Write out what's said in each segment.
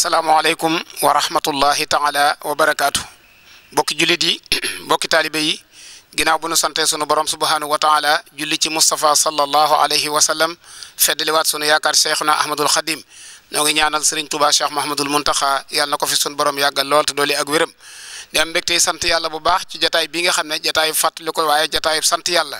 asalaamaaleykum wa rahmatullahi taala wa barakaatu mbokki jullit yi mbokki taalibe yi ginnaaw bu nu sante sunu borom subhanahu wa taala julli ci Moustapha sallallahu alayhi wa sallam feddaliwaat sunu yaakaar cheikhuna Ahmadul Xadim ñoo ngi ñaanal Serigne Touba Cheikh Mahmadul Muntaxa yàlla na ko fi sunu borom yàggal lool te doole ak wéram di am mbégte sant yàlla bu baax ci jataay bii nga xam ne jataayu fàttali ko waaye jataayu sant yàlla.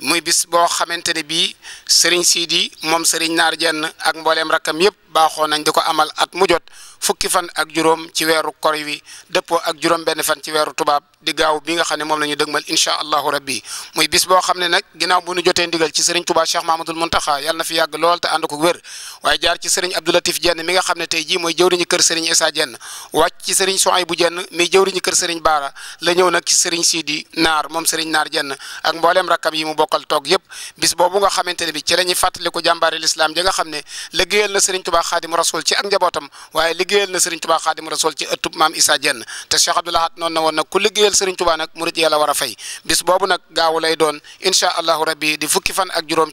muy bis boo xamante ne bii sëriñ Sidi moom sëriñ Naar jenn ak mbooleem rakkam yëpp baaxoo nañ di ko amal at mu jot fukki fan ak juróom ci weeru kor wi dëppoo ak juróom benn fan ci weeru tubaab di gaaw bi nga xam ne moom la ñu dëgmal incha allahu rabbi muy bis boo xam ne nag ginnaaw bu ñu jotee ndigal ci sëriñ Touba Cheikh Mahmadul Muntaxa yàlla na fi yàgg lool te ànd ko wér waaye jaar ci sëriñ Abdoulatif jenn mi nga xam ne tey ji mooy jëwriñu kër sëriñ Issa jenn wàcc ci sëriñ Sohaybu jenn mi jëwriñu kër sëriñ Baara la ñëw nag ci sëriñ Sidi Naar moom sëriñ Naar jenn ak mbooleem rakkam yi mu bokk bokkal toog yëpp bis nga xamante ne bi ci la ñuy fàttaliku jàmbaari lislaam ja xam ne liggéeyal na Serigne Touba Xaadimu Rasuul ci ak njabootam waaye liggéeyal na Serigne Touba Xaadimu Rasuul ci ëttub maam Issa Dieng te Cheikh Abdoul Ahad na woon a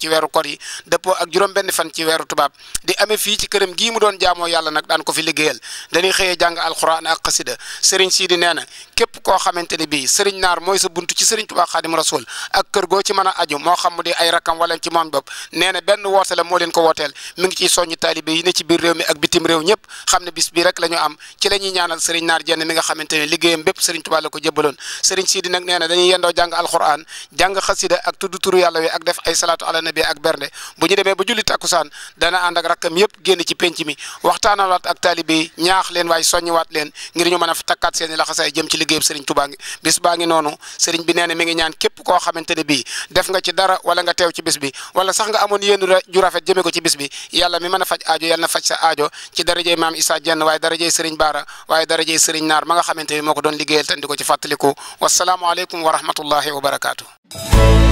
weeru kor yi ak juróom benn fan ci weeru tubaab di amee fii ci këram gii mu doon jaamoo yàlla nag daan ko fi liggéeyal dañuy xëyee jàng alquran ak xasida Serigne Sidi nee képp koo xamante ne bii Serigne Naar mooy sa buntu ci Serigne Touba Xaadimu Rasuul ak kër goo ci mën a aju moo xam mu la moo la ñu am ci la ñuy ñaanal sëriñ xasida ak tudd turu yàlla wi ak def ay salaatu ala nabi ak bernde bu ñu demee ba julli tàkkusaan dana ànd ak rakkam yëpp génn ci penc mi waxtaanalaat ak taalibe ñaax leen waaye soññiwaat leen ngir ñu mën a takkaat seeni laxasaay jëm ci liggéeyam sëriñ Tuubaa bis baa noonu sëriñ bi nee mi ngi ñaan képp koo xamante ne def nga ci dara wala nga teew ci bis bi wala sax nga amoon yéen ju rafet jëmee ko ci bis bi yàlla mi mën a faj aajo yàlla na faj sa aajo ci darajey maam Issa Dieng waaye darajey Serigne Baara waaye darajey Serigne Naar ma nga xamante ni moo ko doon liggéeyal tan di ko ci fàttaliku wasalaamualeykum wa rahmatullahi wa barakaatu.